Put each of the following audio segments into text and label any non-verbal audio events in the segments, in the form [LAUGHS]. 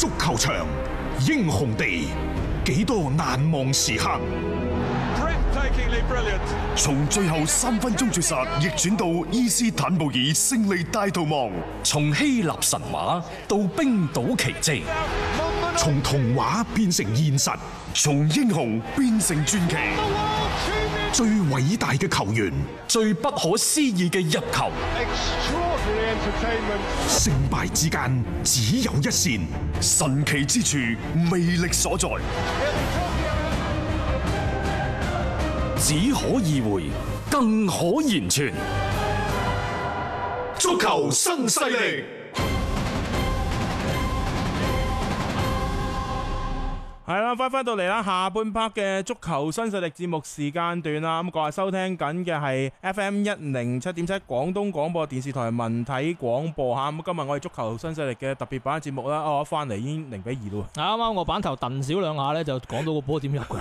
足球場，英雄地，幾多難忘時刻。從最後三分鐘絕殺，逆轉到伊斯坦布爾勝利大逃亡，從希臘神話到冰島奇跡，從童話變成現實，從英雄變成傳奇。最偉大嘅球員，最不可思議嘅入球，勝敗之間只有一線，神奇之處，魅力所在，只可意會，更可言傳，足球新勢力。係啦，翻翻到嚟啦，下半 part 嘅足球新勢力節目時間段啦。咁各位收聽緊嘅係 FM 一零七點七廣東廣播電視台文體廣播吓。咁、嗯、今日我哋足球新勢力嘅特別版節目啦。哦，一翻嚟已經零比二啦。啱啱、啊、我板頭頓少兩下咧，就講到個波點入去。 [LAUGHS]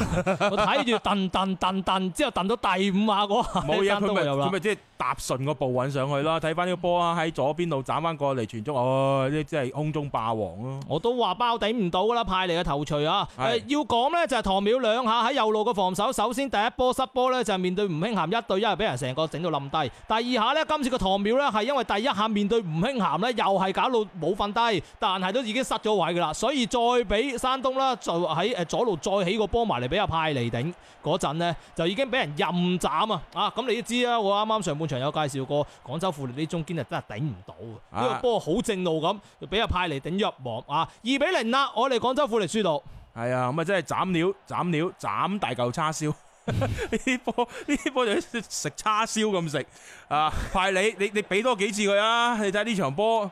我睇住頓頓頓頓之後頓到第五下嗰、那、下、個，冇啊事，佢咪佢咪即係搭順個步穩上去啦。睇翻呢個波啊喺左邊度斬翻過嚟傳足，哦，即啲係空中霸王咯。我都話包頂唔到啦，派嚟嘅頭錘啊！誒，要講呢，就係唐淼兩下喺右路嘅防守，首先第一波失波呢，就係面對吳興涵一對一係俾人成個整到冧低。第二下呢，今次個唐淼呢，係因為第一下面對吳興涵呢，又係搞到冇瞓低，但係都已經失咗位噶啦，所以再俾山東啦就喺誒左路再起個波埋嚟俾阿派嚟頂嗰陣呢，就已經俾人任斬啊！啊咁你都知啦，我啱啱上半場有介紹過廣州富力呢中堅啊真係頂唔到，呢個波好正路咁俾阿派嚟頂入網啊，二比零啦，0, 我哋廣州富力輸到。係啊，咁啊真係斬料斬料，斬大嚿叉燒，呢啲波呢啲波，就食叉燒咁食啊！派你你你俾多幾次佢啊！你睇下呢場波。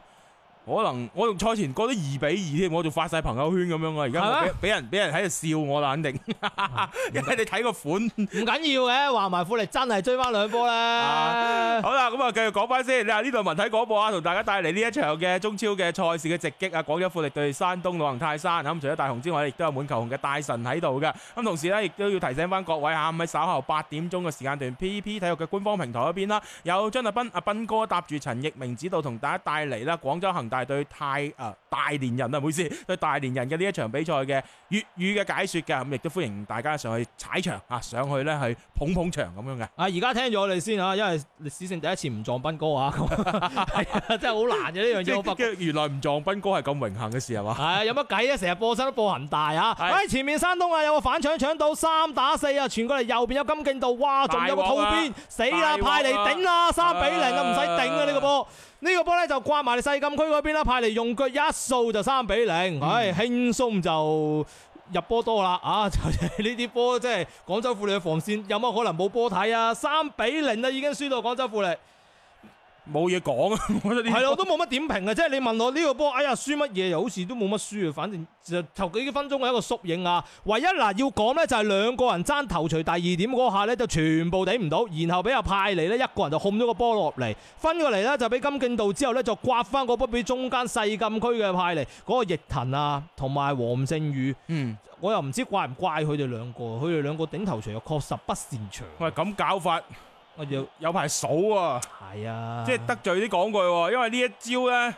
可能我用賽前過咗二比二添，我仲發晒朋友圈咁樣啊！而家俾俾人俾人喺度笑我啦，肯定，因為、啊嗯、 [LAUGHS] 你睇個款唔緊要嘅，話、嗯、埋、嗯、 [LAUGHS] 富力真係追翻兩波啦、啊。好啦，咁、嗯、啊繼續講翻先，你話呢度文體廣播啊，同大家帶嚟呢一場嘅中超嘅賽事嘅直擊啊，廣州富力對山東魯能泰山，咁、嗯、除咗大雄之外，亦都有滿球紅嘅大神喺度嘅。咁、嗯、同時呢，亦都要提醒翻各位嚇，咁、啊、喺稍後八點鐘嘅時間段，PP 體育嘅官方平台嗰邊啦，有張達斌阿斌哥搭住陳奕明指導同大家帶嚟啦，廣州恒大。係對太誒大連人啊，唔好意思，對大連人嘅呢一場比賽嘅粵語嘅解說嘅，咁亦都歡迎大家上去踩場啊，上去咧去捧捧場咁樣嘅。啊，而家聽咗我哋先啊，因為歷史性第一次唔撞斌哥啊，咁係真係好難嘅呢樣嘢。原來唔撞斌哥係咁榮幸嘅事係嘛？係啊，有乜計啊？成日播身都播恒大啊！喺前面山東啊，有個反搶搶到三打四啊，傳過嚟右邊有金勁道，哇，仲有個套邊，死啦，派嚟頂啦，三比零啊，唔使頂啊呢個波。呢個波呢，就掛埋你細禁區嗰邊啦，派嚟用腳一掃就三比零，嗯、唉，輕鬆就入波多啦啊！就係呢啲波，即係、就是、廣州富力嘅防線有乜可能冇波睇啊？三比零啦，已經輸到廣州富力。冇嘢講啊！係啊，我 [LAUGHS] 都冇乜點評啊。即係你問我呢個波，哎呀，輸乜嘢又好似都冇乜輸啊！反正就頭幾分鐘係一個縮影啊。唯一嗱要講呢，就係兩個人爭頭槌第二點嗰下呢，就全部頂唔到，然後俾阿派嚟呢，一個人就控咗個波落嚟，分過嚟呢，就俾金敬道之後呢，就刮翻個波俾中間細禁區嘅派嚟嗰個弋騰啊，同埋黃政宇。嗯，我又唔知怪唔怪佢哋兩個，佢哋兩個頂頭槌又確實不擅長。喂，咁搞法？我要有有排數喎，係啊，啊即係得罪啲，講句、啊，因為呢一招咧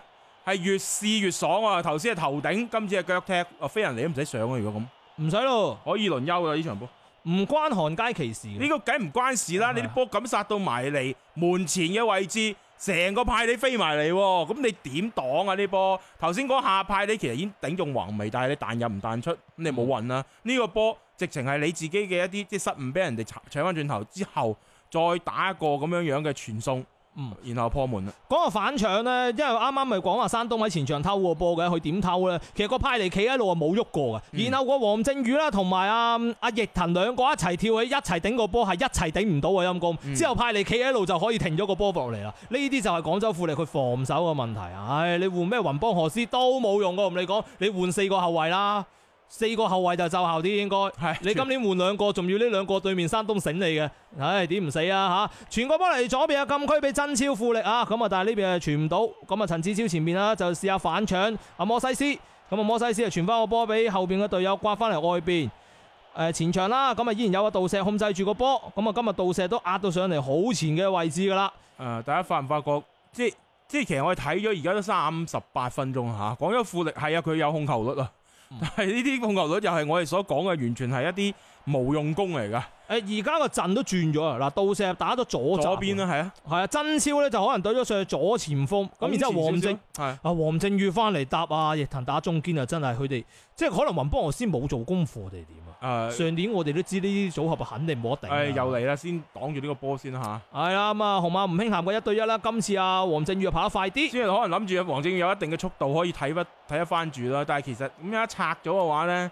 係越試越爽啊。頭先係頭頂，今次係腳踢，啊、哦，飛人嚟都唔使上啊。如果咁唔使咯，可以輪休噶呢場波，唔關韓佳奇呢個梗唔關事啦。啊、你啲波咁殺到埋嚟門前嘅位置，成個派你飛埋嚟咁，你點擋啊？呢波頭先嗰下派你其實已經頂中橫楣，但係你彈入唔彈出，你冇運啦。呢、這個波直情係你自己嘅一啲即失誤，俾人哋搶翻轉頭之後，之後再打一個咁樣樣嘅傳送，嗯，然後破門啦。講個反搶呢，因為啱啱咪講話山東喺前場偷個波嘅，佢點偷呢？其實個派尼企喺度啊冇喐過嘅，嗯、然後個黃正宇啦、啊，同埋阿阿易騰兩個一齊跳起，一齊頂個波係一齊頂唔到嘅陰功。嗯、之後派尼企喺度就可以停咗個波落嚟啦。呢啲就係廣州富力佢防守嘅問題啊！唉，你換咩雲邦何斯都冇用噶，同你講，你換四個後衛啦。四個後衛就奏效啲應該，是你今年換兩個，仲要呢兩個對面山東醒你嘅，唉，點唔死啊吓！傳個波嚟左邊啊禁區俾真超富力啊，咁啊但係呢邊啊傳唔到，咁啊陳志超前面啦，就試下反搶阿摩西斯，咁啊摩西斯啊傳翻個波俾後邊嘅隊友刮翻嚟外邊誒、呃、前場啦，咁啊依然有個杜射控制住個波，咁啊今日杜射都壓到上嚟好前嘅位置噶啦。誒、呃、大家有有發唔發覺，即係即係其實我哋睇咗而家都三十八分鐘吓，講咗富力係啊佢有控球率啊。但係呢啲控球率就係我哋所講嘅，完全係一啲，冇用功嚟噶，誒而家個陣都轉咗啊！嗱，杜射打咗左邊啦，係啊，係啊，曾超咧就可能對咗上去左前鋒，咁然之後黃政係啊，黃政宇翻嚟搭啊，譯騰打中堅啊，真係佢哋即係可能雲邦俄斯冇做功課定係點啊？呃、上年我哋都知呢啲組合肯定冇得定。誒、呃呃、又嚟啦，先擋住呢個波先啦嚇。係啊，咁啊，嗯、紅馬吳興涵嘅一對一啦。今次啊，黃政宇又，跑得快啲。雖然可能諗住啊，黃政宇有一定嘅速度可以睇不睇得翻住啦。但係其實咁一拆咗嘅話咧。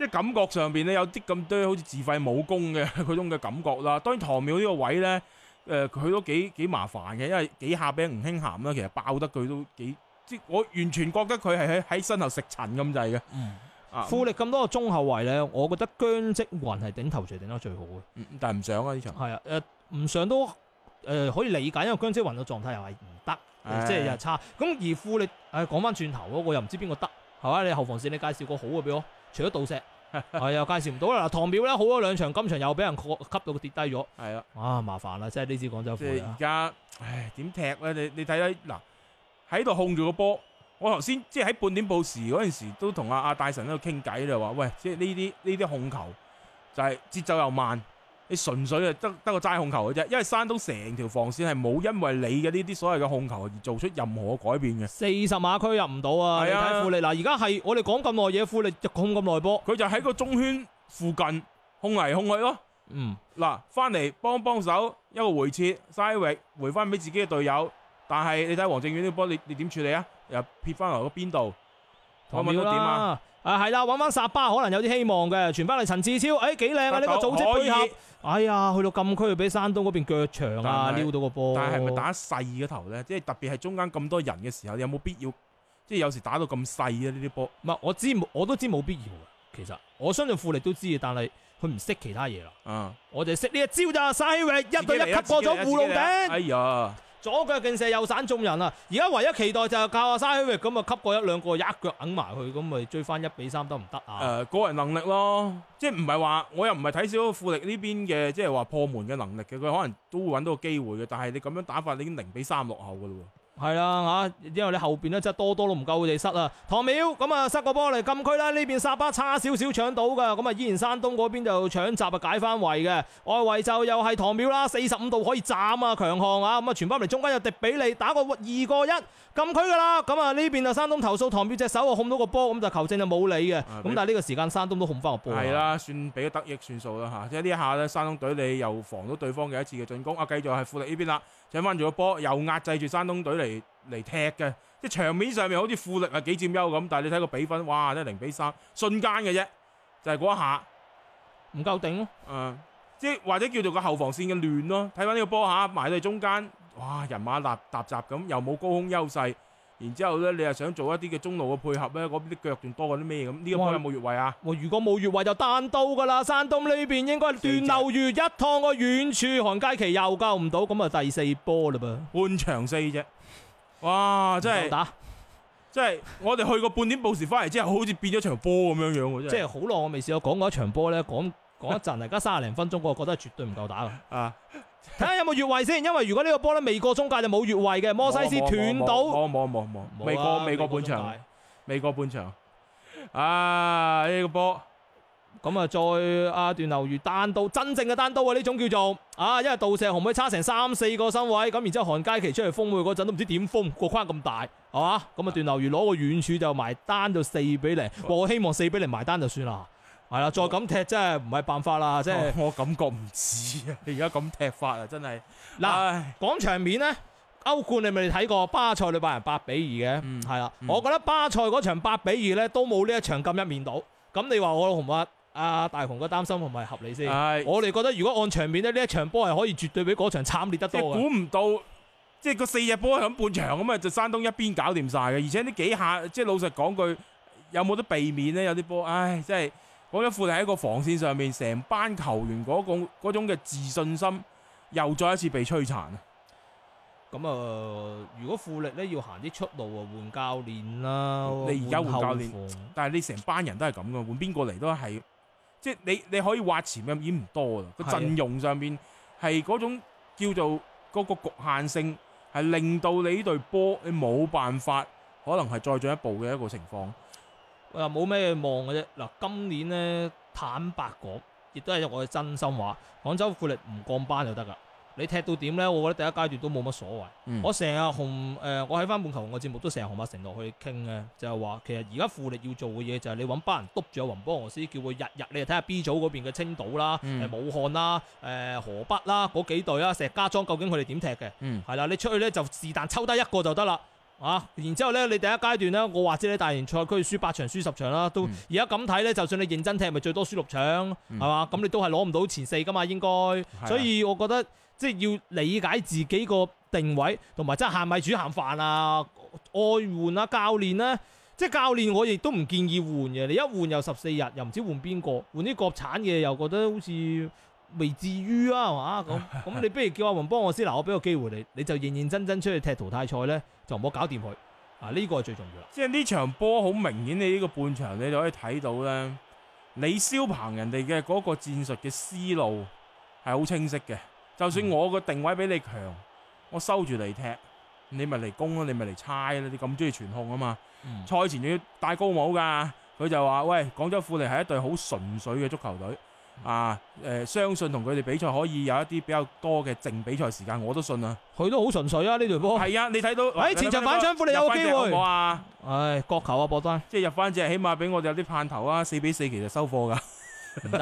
即係感覺上邊咧有啲咁多好似自廢武功嘅嗰種嘅感覺啦。當然唐淼呢個位咧，誒、呃、佢都幾幾麻煩嘅，因為幾下俾吳興涵咧其實爆得佢都幾，即我完全覺得佢係喺喺身後食塵咁滯嘅。嗯嗯、富力咁多個中後衞咧，我覺得姜積雲係頂頭鎚頂得最好嘅、嗯。但係唔想啊呢場。係啊，誒唔想都誒可以理解，因為姜積雲嘅狀態又係唔得，即係又係差。咁而富力誒講翻轉頭嗰個又唔知邊個得，係嘛？你後防線你介紹個好嘅俾我，除咗杜石。係又、 [LAUGHS] 哎、介紹唔到啦！嗱，唐淼咧好多兩場，今場又俾人吸到跌低咗，係的啊，啊麻煩啦！即係在、哎、呢支廣州隊而家唉點踢咧？你你睇睇嗱，喺度控住個波。我頭先即係喺半點報時嗰陣時都同阿阿大神喺度傾偈就話喂，即係呢啲呢啲控球就係節奏又慢。你純粹係得得個齋控球嘅啫，因為山東成條防線係冇因為你嘅呢啲所謂嘅控球而做出任何改變嘅。四十碼區入唔到啊！係啊你睇富力嗱，而家係我哋講咁耐嘢，富力就控咁耐波，佢就喺個中圈附近控嚟控去咯。嗯，嗱、啊，翻嚟幫幫手一個回撤，嘥域回翻俾自己嘅隊友，但係你睇黃政宇呢波，你你點處理啊？又撇翻嚟咗邊度？睇唔到啦！啊，係、啊、啦，玩翻薩巴可能有啲希望嘅，傳翻嚟陳志超，哎、欸，幾靚啊！呢到個組織配合，以哎呀，去到禁區俾山東嗰邊腳長啊，撩到個波，但係咪打細嘅頭咧？即係特別係中間咁多人嘅時候，有冇必要？即係有時打到咁細嘅呢啲波？唔係，我知，我都知冇必要嘅。其實我相信富力都知，嘅，但係佢唔識其他嘢啦。嗯，我哋識呢一招咋？沙希一對一級過咗葫蘆頂，哎呀！左腳勁射，右散眾人啊！而家唯一期待就係教阿沙希域咁啊，吸過一兩個，一腳揞埋佢，咁咪追翻一比三得唔得啊？誒、呃、個人能力咯，即係唔係話我又唔係睇少富力呢邊嘅，即係話破門嘅能力嘅，佢可能都會揾到個機會嘅。但係你咁樣打法，你已經零比三落後噶啦喎。係啦，吓，因為你後邊呢真係多多都唔夠佢哋塞啊，唐淼咁啊，塞個波嚟禁區啦。呢邊沙巴差少少搶到噶，咁啊依然山東嗰邊就搶閘啊解翻圍嘅，外圍就又係唐淼啦，四十五度可以斬啊，強項啊，咁啊傳翻嚟中間又迪比利打個二個一禁區噶啦，咁啊呢邊啊，山東投訴唐淼隻手啊控到個波，咁就球證就冇理嘅，咁、啊、但係呢個時間山東都控翻個波。係啦，算俾得益算數啦吓，即係呢下呢，山東隊你又防到對方嘅一次嘅進攻啊，繼續係富力呢邊啦。搶翻住個波，又壓制住山東隊嚟嚟踢嘅，即係場面上面好似富力係幾佔優咁，但係你睇個比分，哇，真係零比三，瞬間嘅啫，就係、是、嗰一下唔夠頂咯，誒、嗯，即係或者叫做個後防線嘅亂咯，睇翻呢個波下埋喺中間，哇，人馬立搭雜咁，又冇高空優勢。然之後咧，你又想做一啲嘅中路嘅配合咧，嗰啲腳仲多過啲咩咁？呢一波有冇越位啊？如果冇越位就單刀噶啦，山東呢邊應該斷漏越一趟個遠處，隻韓佳琪又救唔到，咁啊第四波嘞噃。半場四隻，哇！真係打，真係我哋去個半點報時翻嚟之後，好似變咗場波咁樣樣喎，真即係好耐我未試過講過一場波咧，講講一陣，而家卅零分鐘，我覺得係絕對唔夠打啦。 [LAUGHS] 啊睇下 [LAUGHS] 有冇越位先，因為如果呢個波咧未過中界就冇越位嘅。摩西斯斷到，冇冇冇冇，未過未過半場，未過半場。啊呢、這個波，咁啊再阿段劉愚單刀，真正嘅單刀啊，呢種叫做啊，因為杜射紅妹差成三四個身位，咁然之後韓佳奇出嚟封佢嗰陣都唔知點封，個框咁大係嘛，咁啊段劉愚攞個遠柱就埋單到四比零不，我希望四比零埋單就算啦。係啦，再咁踢真係唔係辦法啦，我即係是。我感覺唔止啊！你而家咁踢法啊，真係。嗱喏，講唉場面呢，歐冠你咪睇過巴塞、嗯、對拜仁八比二嘅，係啦、嗯。我覺得巴塞嗰場八比二呢都冇呢一場咁一面倒。咁你話我同阿阿大雄嘅擔心係咪合理先？唉我哋覺得如果按場面呢，呢一場波係可以絕對比嗰場慘烈得多嘅。估唔到，即、就、係、是、個四隻波響半場咁啊，就山東一邊搞掂晒嘅。而且呢幾下，即、就、係、是、老實講句，有冇得避免呢？有啲波，唉，即、就、係、是。好一富力喺個防線上面，成班球員嗰、那個嗰個嗰種嘅自信心又再一次被摧殘啊！咁啊、呃，如果富力呢要行啲出路啊，換教練啦，你而家換教練換後防，但係你成班人都係咁嘅，換邊個嚟都係，即係你你可以挖潛嘅已經唔多啦。個的陣容上面係嗰種叫做嗰個局限性，係令到你呢隊波你冇辦法可能係再進一步嘅一個情況。我又冇咩望嘅啫。嗱，今年呢，坦白講，亦都係我嘅真心話。廣州富力唔降班就得㗎。你踢到點呢？我覺得第一階段都冇乜所謂。嗯、我成日紅誒，我喺翻半球嘅節目都成日同阿成落去傾嘅，就係、是、話其實而家富力要做嘅嘢就係你揾班人督住阿雲波羅斯，叫佢日日。你又睇下 B 組嗰邊嘅青島啦、嗯、武漢啦、誒、呃、河北啦嗰幾隊啦，石家莊究竟佢哋點踢嘅？係啦、嗯，你出去呢，就是但抽得一個就得啦。啊！然之後呢，你第一階段呢，我話知你大連賽區輸八場，輸十場啦。都而家咁睇呢，就算你認真踢，咪最多輸六場，係嘛、嗯？咁你都係攞唔到前四噶嘛？應該，嗯嗯、所以我覺得即係要理解自己個定位，同埋即係限米煮鹹飯啊，愛換啊，教練呢。即係教練我亦都唔建議換嘅。你一換又十四日，又唔知換邊個，換啲國產嘅又覺得好似。未至於啊，嚇咁咁，你不如叫阿雲幫我先。嗱，我俾個機會你，你就認認真真出去踢淘汰賽咧，就唔好搞掂佢啊！呢、呢個係最重要。即係呢場波好明顯，你呢個半場你就可以睇到咧，李霄鵬人哋嘅嗰個戰術嘅思路係好清晰嘅。就算我個定位比你強，我收住嚟踢，你咪嚟攻啦，你咪嚟猜啦，你咁中意傳控啊嘛。賽、嗯、前仲要戴高帽噶，佢就話：喂，廣州富力係一隊好純粹嘅足，足球隊。啊，誒、呃，相信同佢哋比賽可以有一啲比較多嘅淨比賽時間，我都信啊。佢都好純粹啊，呢條波係啊，你睇到，喺、哎、前場反搶，反彰 你有機會啊。唉、哎，國球啊，博丹，即係入翻隻，起碼俾我哋有啲盼頭4 4啊。四比四其實收貨噶，唔得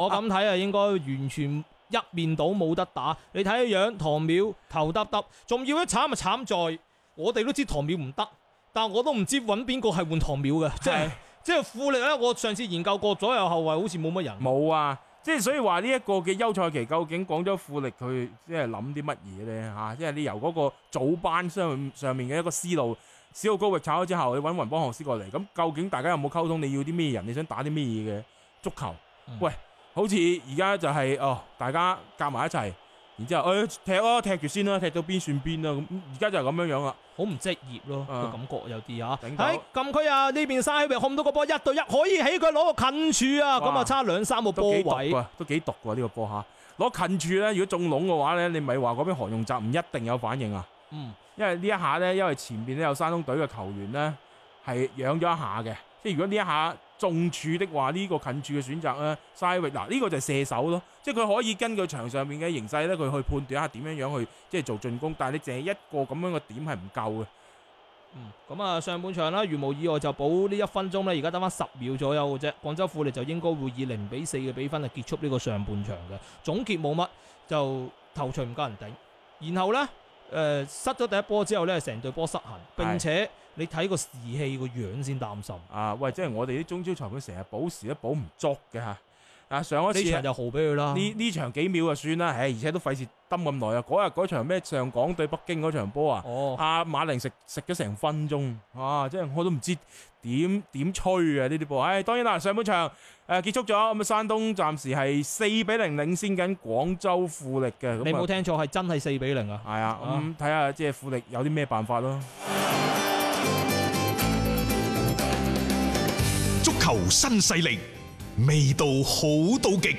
我咁睇啊，應該完全一面倒冇得打。 [LAUGHS] 你睇個樣，唐淼頭耷耷，仲要一慘啊慘在，我哋都知唐淼唔得，但係我都唔知搵邊個係換唐淼嘅，即係。 [LAUGHS] [LAUGHS] 即係富力咧，我上次研究過咗，左右後衛好似冇乜人、啊。冇啊！即係所以話呢一個嘅休賽期，究竟廣州富力佢即係諗啲乜嘢咧？吓，即係你由嗰個早班上上面嘅一個思路，小高域炒咗之後，你搵雲邦學師過嚟，咁究竟大家有冇溝通？你要啲咩人？你想打啲咩嘢嘅足球？嗯、喂，好似而家就係、是、哦，大家夾埋一齊。然之後，誒踢咯，踢住、啊、先啦、啊，踢到邊算邊啦。咁而家就係咁樣樣啊，好唔職業咯，嗯、感覺有啲啊，喺到、哎、禁區啊，呢邊沙唔係控到個波，一對一可以起佢攞個近柱啊，咁啊哇差兩三個波位。都幾毒㗎，都幾毒㗎、呢個波下攞近柱咧，如果中籠嘅話咧，你咪係話嗰邊韓鎔澤唔一定有反應啊。嗯，因為一呢一下咧，因為前邊咧有山東隊嘅球員咧係養咗一下嘅，即係如果呢一下，中柱的話，呢、這個近柱嘅選擇呢，嗱、這、呢個就係射手咯，即係佢可以根據場上面嘅形勢呢，佢去判斷下點樣樣去即係做進攻，但係你淨係一個咁樣嘅點係唔夠嘅。嗯，咁啊上半場啦，如無意外就補呢一分鐘呢，而家得翻十秒左右嘅啫。廣州富力就應該會以零比四嘅比分去結束呢個上半場嘅總結冇乜，就頭場唔夠人頂，然後呢，誒、呃、失咗第一波之後呢，成隊波失衡，並且。你睇個士氣個樣先擔心啊！喂，即係我哋啲中超裁判成日補時都補唔足嘅嚇。啊，上嗰場就豪俾佢啦。呢呢場幾秒就算啦。唉、哎，而且都費事揼咁耐啊！嗰日嗰場咩上港對北京嗰場波啊，阿、哦啊、馬寧食食咗成分鐘啊！即係我都唔知點點吹啊呢啲波。唉、哎，當然啦，上半場誒、啊、結束咗，咁、嗯、啊，山東暫時係四比零領先緊廣州富力嘅。嗯、你冇聽錯，係真係四比零啊！係啊，咁睇下即係富力有啲咩辦法咯。 [MUSIC] 球新勢力，味道好到極。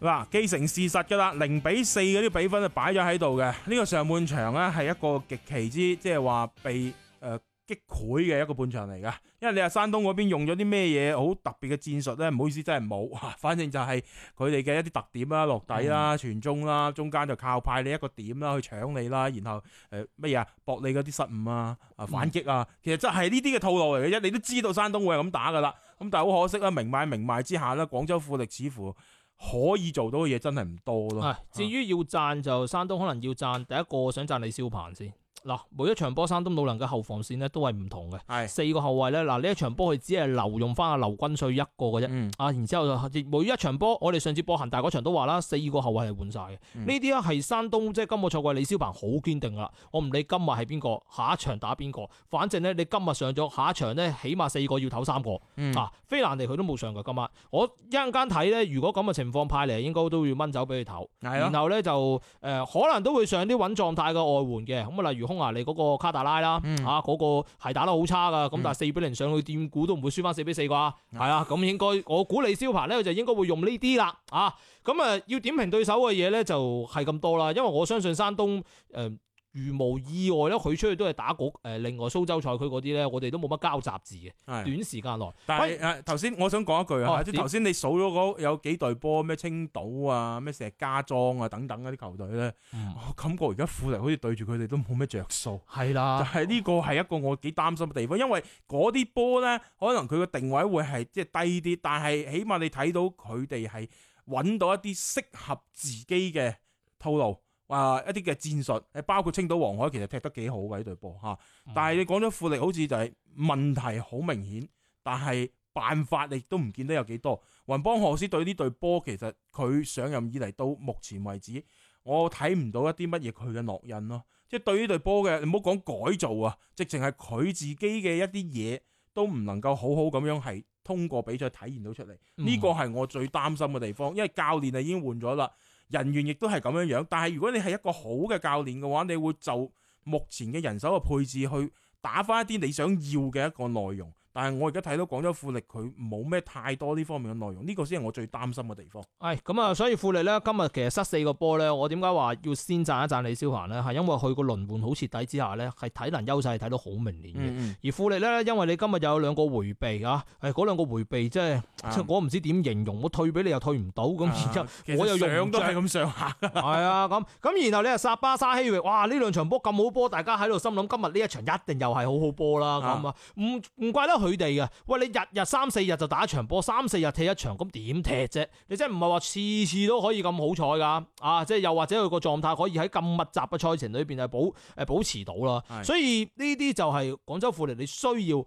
嗱、啊，既成事實噶啦，零比四嗰啲比分就擺咗喺度嘅。呢、這個上半場呢，係一個極其之，即係話被誒。呃擊潰嘅一個半場嚟噶，因為你話山東嗰邊用咗啲咩嘢好特別嘅戰術咧，唔好意思真係冇，反正就係佢哋嘅一啲特點啦、落底啦、傳中啦、中間就靠派你一個點啦去搶你啦，然後誒咩嘢啊搏你嗰啲失誤啊啊反擊啊，嗯、其實真係呢啲嘅套路嚟嘅啫，你都知道山東會係咁打噶啦，咁但係好可惜啦，明賣明賣之下呢，廣州富力似乎可以做到嘅嘢真係唔多咯。至於要讚就山東可能要讚，第一個想讚李霄鵬先。嗱，每一場波，山東魯能嘅後防線咧都係唔同嘅。四個後衞呢，嗱呢一場波佢只係留用翻阿劉軍帥一個嘅啫。啊，然之後每一場波，我哋上次波恒大嗰場都話啦，四個後衞係換晒嘅。呢啲啊係山東即係今個賽季李霄鵬好堅定啦。我唔理今日係邊個，下一場打邊個，反正咧你今日上咗，下一場呢，起碼四個要唞三個。嗯。啊，菲蘭尼佢都冇上嘅今晚。我一陣間睇呢，如果咁嘅情況派嚟，應該都要掹走俾佢唞。的然後呢，就、呃、誒，可能都會上啲穩狀態嘅外援嘅。咁啊，例如嗯、啊！你、那、嗰個卡達拉啦，吓嗰個係打得好差噶，咁但係四比零上去點估都唔會輸翻四比四啩。係啊，咁應該我估你燒牌咧，就應該會用呢啲啦，啊，咁啊要點評對手嘅嘢咧就係、是、咁多啦，因為我相信山東誒。呃如無意外咧，佢出去都係打嗰、呃、另外蘇州賽區嗰啲咧，我哋都冇乜交集字嘅。的短時間內，但係誒頭先，喂啊、我想講一句啊。頭先的你數咗嗰有幾隊波咩青島啊、咩石家莊啊等等嗰啲球隊咧，嗯、我感覺而家富力好似對住佢哋都冇咩着數。係啦的，係呢個係一個我幾擔心嘅地方，因為嗰啲波咧，可能佢嘅定位會係即係低啲，但係起碼你睇到佢哋係揾到一啲適合自己嘅套路。啊、呃！一啲嘅戰術，誒包括青島黃海其實踢得幾好嘅呢隊波嚇，嗯、但係你講咗富力好似就係問題好明顯，但係辦法亦都唔見得有幾多。雲邦何斯對呢隊波其實佢上任以嚟到目前為止，我睇唔到一啲乜嘢佢嘅烙印咯、啊。即、就、係、是、對呢隊波嘅，你唔好講改造啊，直情係佢自己嘅一啲嘢都唔能夠好好咁樣係通過比賽體現到出嚟。呢個係我最擔心嘅地方，因為教練啊已經換咗啦。人員亦都係咁樣樣，但係如果你係一個好嘅教練嘅話，你會就目前嘅人手嘅配置去打返一啲你想要嘅一個內容。但係我而家睇到廣州富力佢冇咩太多呢方面嘅內容，呢、這個先係我最擔心嘅地方。係咁啊，所以富力呢，今日其實失四個波呢。我點解話要先讚一讚李霄凡呢？係因為佢個輪換好徹底之下呢，係體能優勢睇到好明顯嘅。嗯嗯而富力呢，因為你今日又有兩個迴避啊，係、哎、嗰兩個迴避即係我唔知點形容，嗯、我退俾你又退唔到咁，啊、然之後其實 我又上都係咁上下。係 [LAUGHS] 啊，咁咁然後你話沙巴沙希域，哇呢兩場波咁好波，大家喺度心諗今日呢一場一定又係好好波啦咁啊，唔唔怪得。佢哋嘅，喂你日日三四日就打一場波，三四日踢一場，咁點踢啫？你真係唔係話次次都可以咁好彩噶，啊，即係又或者佢個狀態可以喺咁密集嘅賽程裏邊係保誒保持到啦。的所以呢啲就係廣州富力你需要諗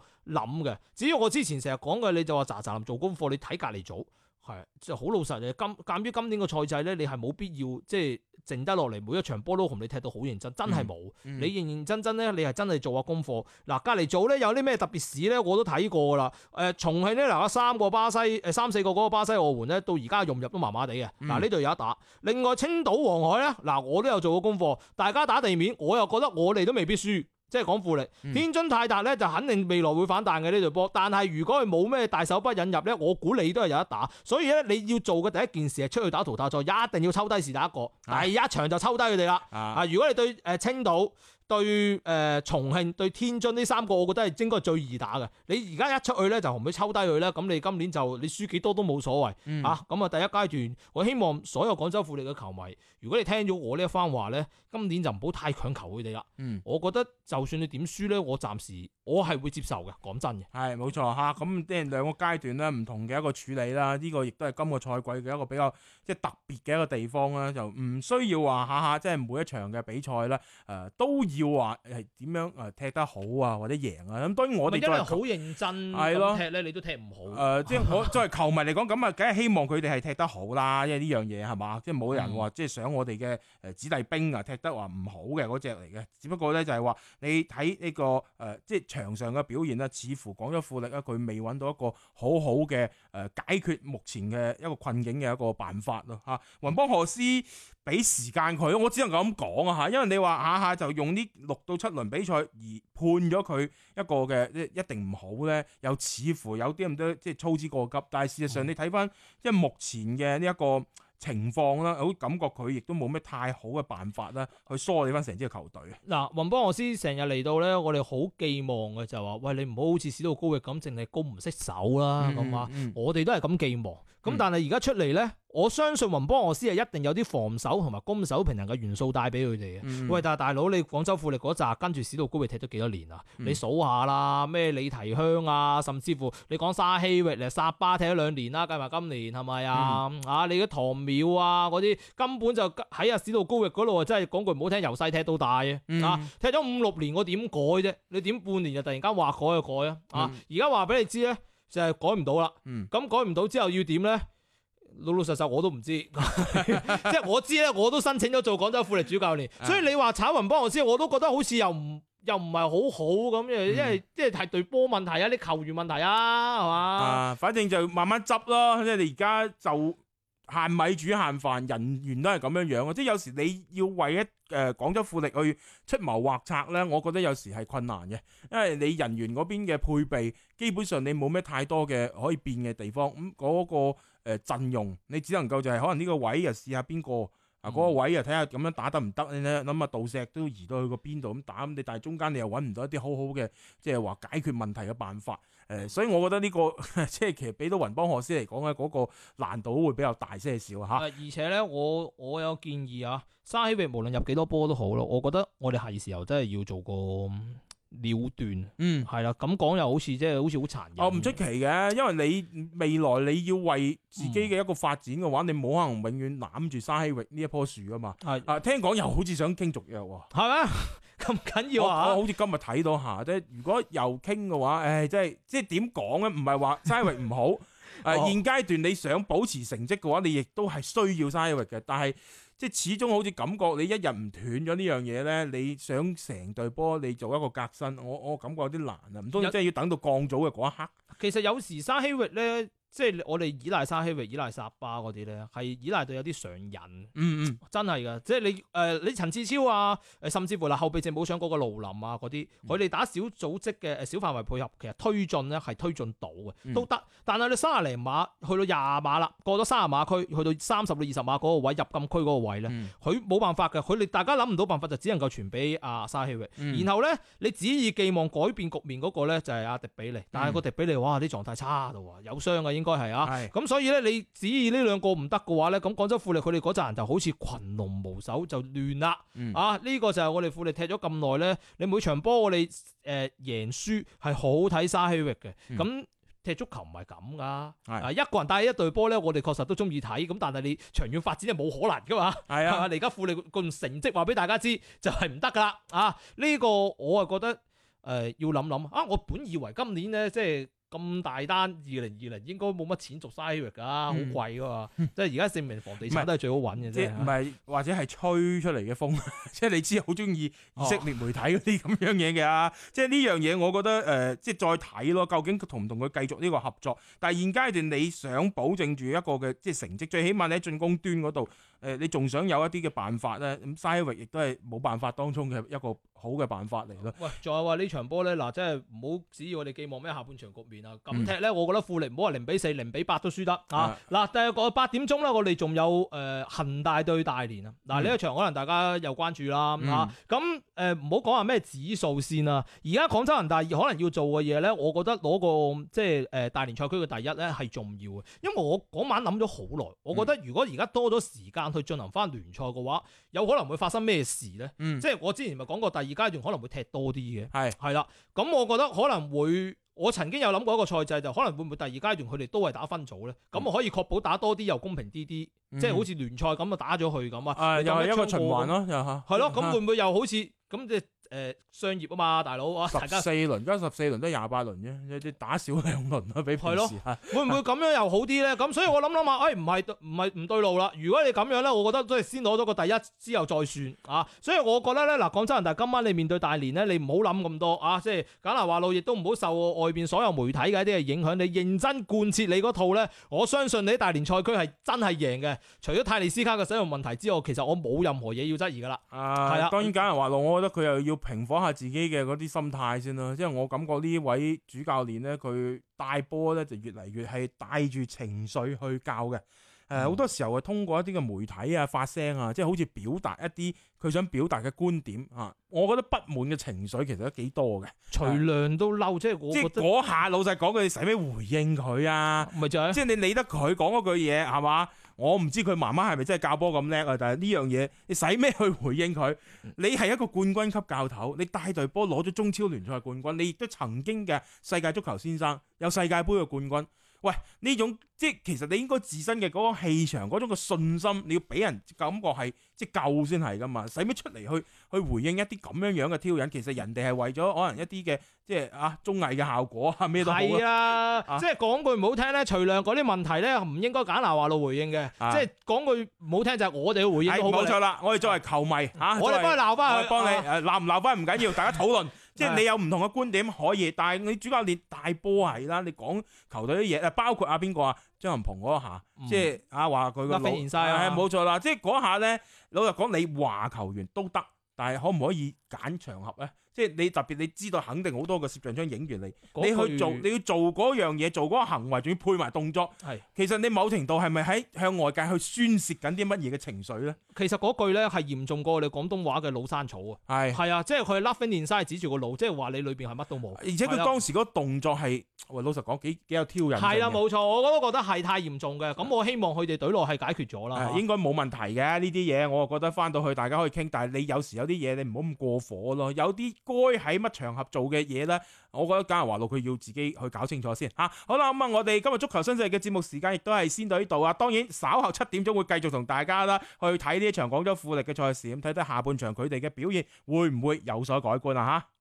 嘅。只要我之前成日講嘅，你就話咋咋林做功課，你睇隔籬組。係，就好老實嘅。今鑑於今年個賽制咧，你係冇必要即係剩得落嚟，每一場波都同你踢到好認真，真係冇。嗯嗯、你認認真真咧，你係真係做下功課。嗱，隔離做咧，有啲咩特別事咧，我都睇過啦。誒、呃，重慶咧，嗱，三個巴西，誒，三四個嗰個巴西外援咧，到而家融入都麻麻地嘅。嗱、嗯，呢度有一打。另外，青島黃海咧，嗱，我都有做過功課，大家打地面，我又覺得我哋都未必輸。即係講富力，天津泰達呢就肯定未來會反彈嘅呢條波。嗯、但係如果佢冇咩大手筆引入呢，我估你都係有得打。所以呢，你要做嘅第一件事係出去打淘汰賽，一定要抽低時打一個，第一場就抽低佢哋啦。啊，如果你對誒青島。對誒、呃，重慶對天津呢三個，我覺得係應該最易打嘅。你而家一出去咧，就唔會抽低佢啦。咁你今年就你輸幾多都冇所謂，嗯、啊。咁啊，第一階段，我希望所有廣州富力嘅球迷，如果你聽咗我一番呢一番話咧，今年就唔好太強求佢哋啦。嗯、我覺得就算你點輸咧，我暫時我係會接受嘅。講真嘅，係冇錯吓。咁即係兩個階段啦，唔同嘅一個處理啦。呢、這個亦都係今個賽季嘅一個比較即係、就是、特別嘅一個地方啦。就唔需要話下下即係每一場嘅比賽咧誒、呃、都要話係點樣誒踢得好啊或者贏啊，咁當然我哋因為好認真咁咯踢咧，你都踢唔好誒、啊，即係、呃就是、我作為球迷嚟講，咁啊梗係希望佢哋係踢得好啦、啊，因為呢樣嘢係嘛，即係冇人即係、就是、想我哋嘅誒子弟兵啊踢得話唔好嘅嗰隻嚟嘅，只不過咧就係話你睇呢、這個誒、呃、即係場上嘅表現啦，似乎講咗富力咧佢未揾到一個好好嘅誒解決目前嘅一個困境嘅一個辦法咯吓，云、啊、邦何斯俾時間佢，我只能夠咁講啊吓，因為你話下下就用呢。六到七輪比賽而判咗佢一個嘅即一定唔好咧，又似乎有啲咁多即係操之過急，但係事實上你睇翻即係目前嘅呢一個情況啦，好、嗯、感覺佢亦都冇咩太好嘅辦法啦，去梳理翻成支球隊。嗱、嗯嗯，雲波老斯成日嚟到咧，我哋好寄望嘅就係話，喂，你唔好好似史浩高嘅咁，淨係高唔識手啦咁啊，我哋都係咁寄望。咁、嗯、但係而家出嚟咧，我相信雲波俄斯係一定有啲防守同埋攻守平衡嘅元素帶俾佢哋嘅。嗯、喂，但係大佬，你廣州富力嗰集跟住史道高域踢咗幾多年啊？嗯、你數下啦，咩李提香啊，甚至乎你講沙希域嚟沙巴踢咗兩年啦、啊，計埋今年係咪啊？嗯、啊，你嘅唐淼啊嗰啲根本就喺阿史道高域嗰度啊，真係講句唔好聽，由細踢到大嘅啊、嗯、啊，踢咗五六年我點改啫？你點半年就突然間話改就改啊？啊，而家話俾你知咧。就係改唔到啦，咁、嗯、改唔到之後要點呢？老老實實我都唔知，即係 [LAUGHS] [LAUGHS] 我知呢，我都申請咗做廣州富力主教練，嗯、所以你話炒雲幫我先，我都覺得好似又唔又唔係好好咁，因為即係係隊波問題啊，啲球員問題啊，係嘛、啊？反正就慢慢執咯，即係你而家就。限米煮限飯，人員都係咁樣樣，即係有時你要為一誒廣州富力去出謀劃策呢，我覺得有時係困難嘅，因為你人員嗰邊嘅配備，基本上你冇咩太多嘅可以變嘅地方。咁、嗯、嗰、那個誒、呃、陣容，你只能夠就係、是、可能呢個位又試下邊個。啊嗰個位啊，睇下咁樣打得唔得你咧？諗下道石都移到去個邊度咁打，咁你，但係中間你又搵唔到一啲好好嘅，即係話解決問題嘅辦法，誒，所以我覺得呢個即係其實俾到雲邦賀師嚟講咧，嗰個難度會比較大些少吓。而且咧，我我有建議啊，沙喜域無論入幾多波都好咯，我覺得我哋係時候真係要做個。了斷，嗯，係啦，咁講又好似即係好似好殘忍。哦，唔出奇嘅，因為你未來你要為自己嘅一個發展嘅話，嗯、你冇可能永遠攬住沙禧域呢一棵樹啊嘛。係的啊，聽講又好似想傾續約喎。係咩是嗎？咁 [LAUGHS] 緊要我，我好似今日睇到下，即係如果又傾嘅話，誒、哎，即係即係點講咧？唔係話沙禧域唔好，誒、 [LAUGHS] 哦，現階段你想保持成績嘅話，你亦都係需要沙禧域嘅，但係。即始終好似感覺你一日唔斷咗呢樣嘢咧，你想成隊波你做一個革新。我我感覺有啲難啊！唔通真係要等到降組嘅嗰一刻？其實有時沙希域咧。 [NOISE] 即係我哋依賴沙希維、依賴薩巴嗰啲咧，係依賴到有啲上癮。嗯嗯，真係噶，即係你誒，你陳志超啊，誒，甚至乎嗱後備鄭冇想嗰個盧林啊嗰啲，佢哋打小組織嘅誒小範圍配合，其實推進咧係推進到嘅，都得。但係你三十零碼去到廿碼啦，過咗三十碼區，去到三十到二十碼嗰個位入禁區嗰個位咧，佢冇、嗯、辦法嘅，佢哋大家諗唔到辦法，就只能夠傳俾阿沙希維。嗯、然後咧，你指意寄望改變局面嗰個咧就係阿迪比尼，但係個迪比尼哇啲狀態差到啊，有傷嘅。應該係啊，咁所以咧，你指意呢兩個唔得嘅話咧，咁廣州富力佢哋嗰陣就好似群龍無首就亂啦，啊呢個就係我哋富力踢咗咁耐咧，你每場波我哋誒贏輸係好睇沙希域嘅，咁踢足球唔係咁噶，啊一個人帶一隊波咧，我哋確實都中意睇，咁但係你長遠發展係冇可能噶嘛，係啊，你而家富力個成績話俾大家知就係唔得噶啦，啊呢個我啊覺得誒要諗諗啊，我本以為今年咧即係。咁大單，二零二零應該冇乜錢續 size 㗎，好貴㗎、嗯、即係而家證明房地產都係最好揾嘅啫。唔係、就是、或者係吹出嚟嘅風？ [LAUGHS] 即係你知好中意以色列媒體嗰啲咁樣嘢嘅啊！哦、即係呢樣嘢，我覺得誒、呃，即係再睇咯，究竟同唔同佢繼續呢個合作？但係現階段你想保證住一個嘅即係成績，最起碼你喺進攻端嗰度。誒，你仲想有一啲嘅辦法咧？咁 size 亦都係冇辦法當中嘅一個好嘅辦法嚟咯。喂，仲有話呢場波咧，嗱，即係唔好指意我哋寄望咩下半場局面啊！咁踢咧，我覺得富力唔好話零比四、零比八都輸得啊！嗱，第個八點鐘啦，我哋仲有誒恒大對大連啊！嗱，呢一場可能大家有關注啦吓。咁誒，唔好講話咩指數先啊！而家廣州恒大要可能要做嘅嘢咧，我覺得攞個即係誒大連賽區嘅第一咧係重要嘅，因為我嗰晚諗咗好耐，我覺得如果而家多咗時間。去進行翻聯賽嘅話，有可能會發生咩事呢？即係我之前咪講過，第二階段可能會踢多啲嘅，係係啦。咁我覺得可能會，我曾經有諗過一個賽制，就可能會唔會第二階段佢哋都係打分組呢？咁我可以確保打多啲又公平啲啲，即係好似聯賽咁啊打咗去咁啊，又係一個循環咯，又係，係咯。咁會唔會又好似咁？誒、呃、商業啊嘛，大佬啊，十四輪加十四輪都廿八輪啫，有啲打少兩輪咯，比平時了，會唔會咁樣又好啲呢？咁 [LAUGHS] 所以我諗諗下，誒唔係唔係唔對路啦。如果你咁樣呢，我覺得都係先攞咗個第一，之後再算啊。所以我覺得呢，嗱，廣州人，但係今晚你面對大連呢，你唔好諗咁多啊，即係簡拿華路，亦都唔好受外邊所有媒體嘅一啲嘅影響。你認真貫徹你嗰套呢，我相信你喺大連賽區係真係贏嘅。除咗泰利斯卡嘅使用問題之外，其實我冇任何嘢要質疑噶啦。啊，係啦的、啊，當然簡拿華路，我覺得佢又要。平緩下自己嘅嗰啲心態先啦，即係我感覺呢位主教練咧，佢帶波咧就越嚟越係帶住情緒去教嘅。誒，呃，嗯，好多時候係通過一啲嘅媒體啊發聲啊，即係好似表達一啲佢想表達嘅觀點啊。我覺得不滿嘅情緒其實都幾多嘅，徐亮都嬲，即係我覺得即係嗰下老實講句使咩回應佢啊？咪就係，即係你理得佢講嗰句嘢係嘛？我唔知佢媽媽係咪真係教波咁叻啊？但係呢樣嘢，你使咩去回應佢？你係一個冠軍級教頭，你帶隊波攞咗中超聯賽冠軍，你亦都曾經嘅世界足球先生，有世界盃嘅冠軍。喂，呢種即係其實你應該自身嘅嗰種氣場、嗰種嘅信心，你要俾人感覺係即係夠先係噶嘛？使乜出嚟去去回應一啲咁樣樣嘅挑釁？其實人哋係為咗可能一啲嘅即係啊綜藝嘅效果啊咩都好啊。係啊，即係講句唔好聽咧，徐亮嗰啲問題咧唔應該揀難話路回應嘅。即係講句唔好聽，就係我哋嘅回應都好。冇錯啦，我哋作為球迷嚇，我哋幫佢鬧翻去，幫你誒鬧唔鬧翻唔緊要，大家討論。即係你有唔同嘅觀點的可以，但係你主教練大波係啦，你講球隊啲嘢啊，包括阿邊個啊，啊張雲鵬嗰下，嗯、即係阿話佢個飛面曬，冇、嗯、錯啦。即係嗰下咧，老實講，你話球員都得，但係可唔可以揀場合咧？即係你特別你知道肯定好多個攝像機影完你，你去做你要做嗰樣嘢做嗰個行為，仲要配埋動作。係的其實你某程度係咪喺向外界去宣洩緊啲乜嘢嘅情緒咧？其實嗰句咧係嚴重過你廣東話嘅老山草啊。係係啊，即係佢 laughing inside 指住個腦，即係話你裏邊係乜都冇。而且佢當時嗰個動作係，喂的老實講幾幾有挑釁。係啦，冇錯，我都覺得係太嚴重嘅。咁我希望佢哋對落係解決咗啦。係的應該冇問題嘅呢啲嘢，我覺得翻到去大家可以傾。但係你有時有啲嘢你唔好咁過火咯，有啲。該喺乜場合做嘅嘢呢？我覺得嘉華路佢要自己去搞清楚先吓、啊。好啦，咁、嗯、啊，我哋今日足球新勢力嘅節目時間亦都係先到呢度啊。當然稍後七點鐘會繼續同大家啦去睇呢一場廣州富力嘅賽事，咁睇睇下半場佢哋嘅表現會唔會有所改觀啊？吓！